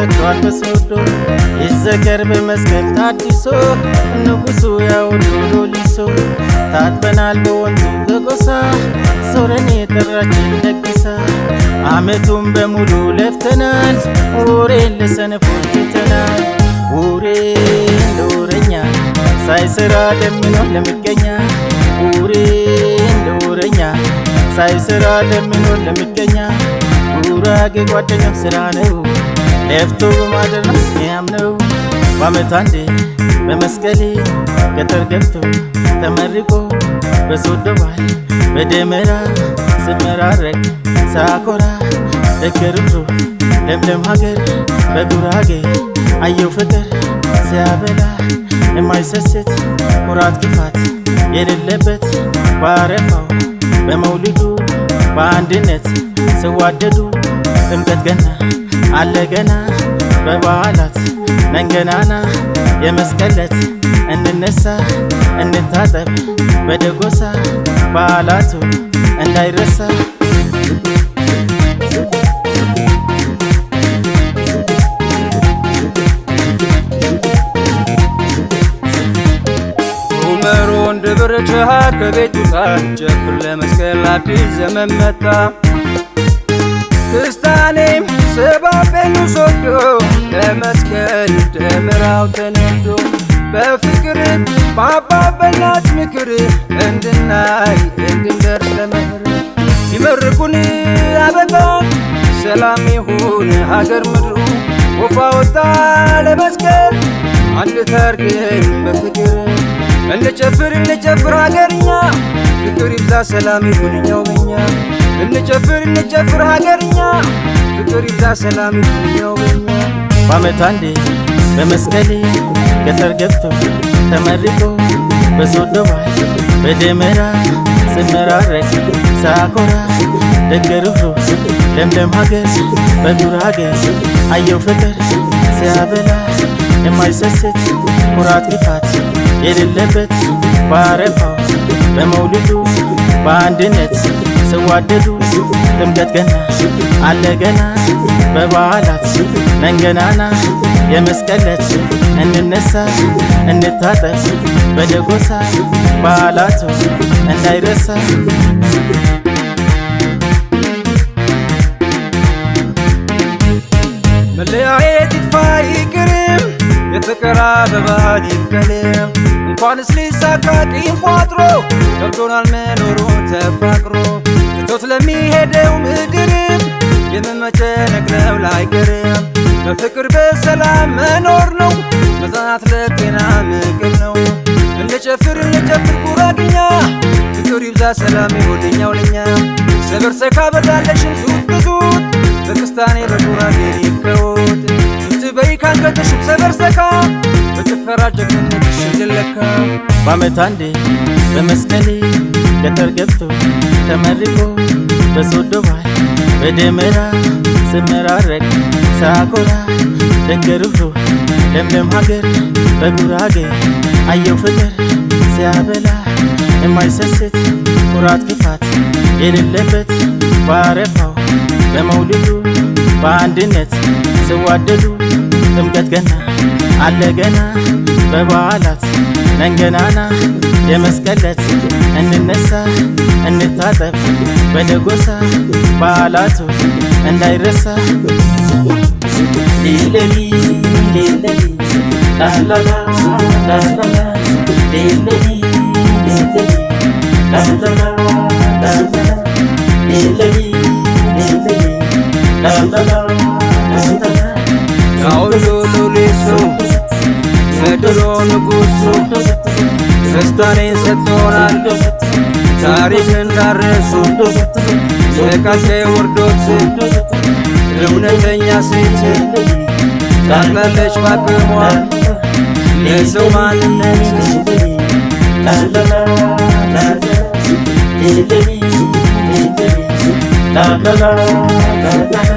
ተተክቷል በስወዶ ይዘከር በመስቀል ታዲሶ ንጉሱ ያውዶ ሊሶ ታጥበናል በወንዙ በጎሳ ሶረን የጠራችን ደግሳ አመቱን በሙሉ ለፍተናል ወሬ ለሰነፎች ትተናል ውሬ እንደወረኛ ሳይሰራ ለምኖር ለምገኛ ውሬ እንደወረኛ ሳይሰራ ለምኖር ለምገኛ ጉራጌ ጓደኛም ስራ ነው ለፍቶ በማደር ነው የሚያምነው በአመት አንዴ በመስቀሌ ገጠር ገብቶ ተመርቆ በሶዶ በደመራ ስመራረቅ ሳኮራ ደገርብሮ ለምለም ሀገር በጉራጌ አየው ፍቅር ሲያበላ የማይሰስት ኩራት ክፋት የሌለበት ባረፋው በመውልዱ በአንድነት ስዋደዱ ጥምቀት ገና አለ ገና በበዓላት መንገናና የመስቀለት እንነሳ እንታጠብ በደጎሳ በዓላቱ እንዳይረሳ ኡመሮን ደብረ ቸሃ ከቤቱ ሳንጨፍር ለመስቀል አዲስ ዘመን መጣ ክስታኔም ስባቤኑ ሶዶ ለመስቀል ደምራው ተነዶ በፍቅር በአባበላት ምክር እንድናይ እንድንደርስ ለመህር ይመርቁን አበጋት ሰላም ይሁን ሀገር ምድሩ ወፋ ወጣ ለመስቀል አንድ ታርገን በፍቅር እንጨፍር እንጨፍር ሀገርኛ ፍቅር ይብዛ ሰላም ይሁን እኛው በኛ እንጨፍር እንጨፍር ሀገርኛ ፍቅር ይብዛ ሰላም ነው በኛ አንዴ በመስቀሌ ገጠር ገብቶ ተመርቆ በሶዶ በደመራ ስመራረቅ ሳኮራ ደገርሮ ለምለም ሀገር በዱር ሀገር አየው ፍቅር ሲያበላ የማይሰስት ኩራት ክፋት የሌለበት ባረፋው በመውልዱ በአንድነት ስዋደዱ ጥምቀት ገና አለ ገና በበዓላት መንገናና የመስቀለት እንነሳ እንታጠብ በደጎሳ በዓላቱ እንዳይረሳ መለያየት ይጥፋ ይቅርም የፍቅር አበባ ይብቀልም እንኳንስ ሊሳካ ቂም ቋጥሮ ገብቶናል መኖሩ ተፋቅሮ ትቶት ለሚሄደው ምድር የመመቸነቅ ላይቀርም በፍቅር በሰላም መኖር ነው መጽናት ለጤና ምግብ ነው። እንጨፍር እንጨፍር ጉራግኛ ፍቅር ይብዛ ሰላም ይሆንኛው ለኛ ሰበርሰካ በዳለሽን ዙት በክስታኔ በጉራጌ ይከውት ስትበይ ካንገተሽም ሰበርሰካ በጭፈራ ጀግንነትሽን ልለካ በአመት አንዴ በመስቀሌ ገጠር ገብቶ ተመርቆ በሶዶ በደመራ ስመራረቅ ሳኮራ ደንገርብሮ ለምለም ሀገር በጉራጌ አየው ፍቅር ሲያበላ የማይሰስት ኩራት ክፋት የሌለበት ባረፋው በመውልዱ በአንድነት ስዋደዱ ጥምቀት ገና አለ ገና በበዓላት ننجنانا يا مسكلت ان النسا ان التاتب بدقوسا بالاتو ان دايرسا ليلي ليلي لا لا لا لا لا ليلي ليلي لا لا لا لا لا ليلي ليلي لا لا لا የድሮ ንጉሱ ደስታኔን ሰጥቶናል ታሪክ እንዳረሱ የቃሴ ውርዶት እውነተኛ ሴት ታቅላለች ባቅሟ የሰው ማንነት ታለላ